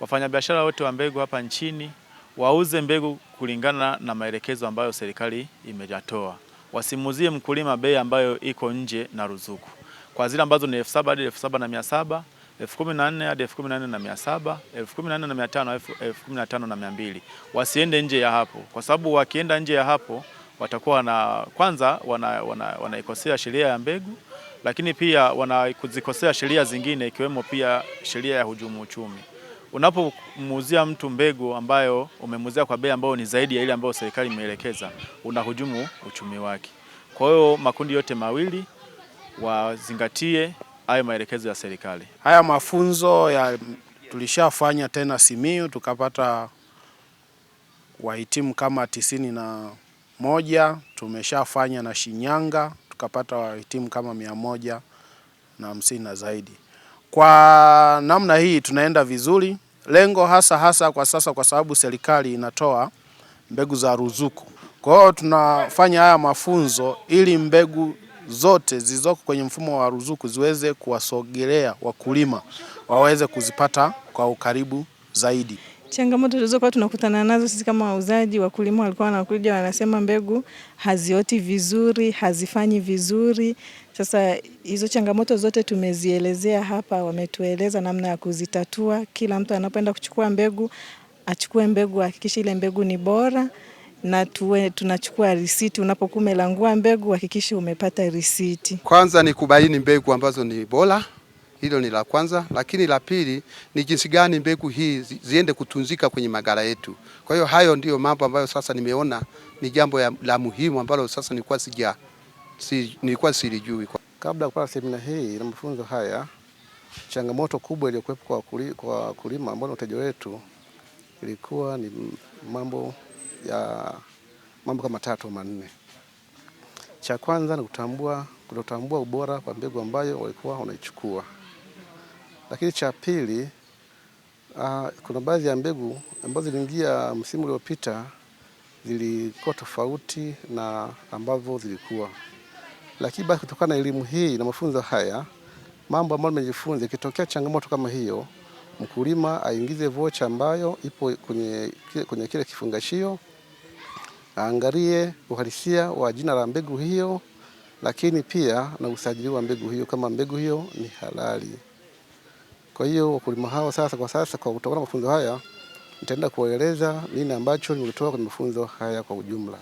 wafanyabiashara wote wa mbegu hapa nchini wauze mbegu kulingana na maelekezo ambayo serikali imejatoa wasimuzie mkulima bei ambayo iko nje na ruzuku kwa zile ambazo ni elfu saba hadi elfu saba na mia saba elfu kumi na nne hadi elfu kumi na nne na mia saba elfu kumi na nne na mia tano elfu kumi na tano na mia mbili Wasiende nje ya hapo, kwa sababu wakienda nje ya hapo watakuwa na kwanza wanaikosea wana, wana sheria ya mbegu, lakini pia wanazikosea sheria zingine ikiwemo pia sheria ya hujumu uchumi. Unapomuuzia mtu mbegu ambayo umemuuzia kwa bei ambayo ni zaidi ya ile ambayo serikali imeelekeza, unahujumu uchumi wake. Kwa hiyo makundi yote mawili wazingatie hayo maelekezo ya serikali. Haya mafunzo ya tulishafanya tena Simiyu, tukapata wahitimu kama tisini na moja. Tumeshafanya na Shinyanga tukapata wahitimu kama mia moja na hamsini na zaidi. Kwa namna hii tunaenda vizuri, lengo hasa hasa kwa sasa, kwa sababu serikali inatoa mbegu za ruzuku. Kwa hiyo tunafanya haya mafunzo ili mbegu zote zilizoko kwenye mfumo wa ruzuku ziweze kuwasogelea wakulima waweze kuzipata kwa ukaribu zaidi. Changamoto tulizokuwa tunakutana nazo sisi kama wauzaji, wakulima walikuwa wanakuja wanasema mbegu hazioti vizuri, hazifanyi vizuri. Sasa hizo changamoto zote tumezielezea hapa, wametueleza namna ya kuzitatua. Kila mtu anapoenda kuchukua mbegu achukue mbegu, ahakikishe ile mbegu ni bora na tuwe, tunachukua risiti. Unapokuwa umelangua mbegu, hakikisha umepata risiti. Kwanza ni kubaini mbegu ambazo ni bora. Hilo ni la kwanza, lakini la pili ni jinsi gani mbegu hii ziende kutunzika kwenye magara yetu. Kwa hiyo hayo ndiyo mambo ambayo sasa nimeona ni jambo ya, la muhimu ambalo sasa nilikuwa sija si, nilikuwa silijui kabla ya kupata semina hii na mafunzo haya. Changamoto kubwa iliyokuwepo kwa wakulima kuli, ambao ni wateja wetu ilikuwa ni mambo ya mambo kama tatu manne. Cha kwanza ni kutambua kutotambua ubora kwa mbegu ambayo walikuwa wanaichukua. Lakini cha pili, uh, kuna baadhi ya mbegu ambazo ziliingia msimu uliopita zilikuwa tofauti na ambavyo zilikuwa. Lakini basi kutokana na elimu hii na mafunzo haya, mambo ambayo nimejifunza, ikitokea changamoto kama hiyo, mkulima aingize vocha ambayo ipo kwenye, kwenye kile kifungashio, aangalie uhalisia wa jina la mbegu hiyo, lakini pia na usajili wa mbegu hiyo kama mbegu hiyo ni halali. Kwa hiyo wakulima hao sasa, kwa sasa kwa kutokana na mafunzo haya nitaenda kuwaeleza nini ambacho nimetoa kwenye mafunzo haya kwa ujumla.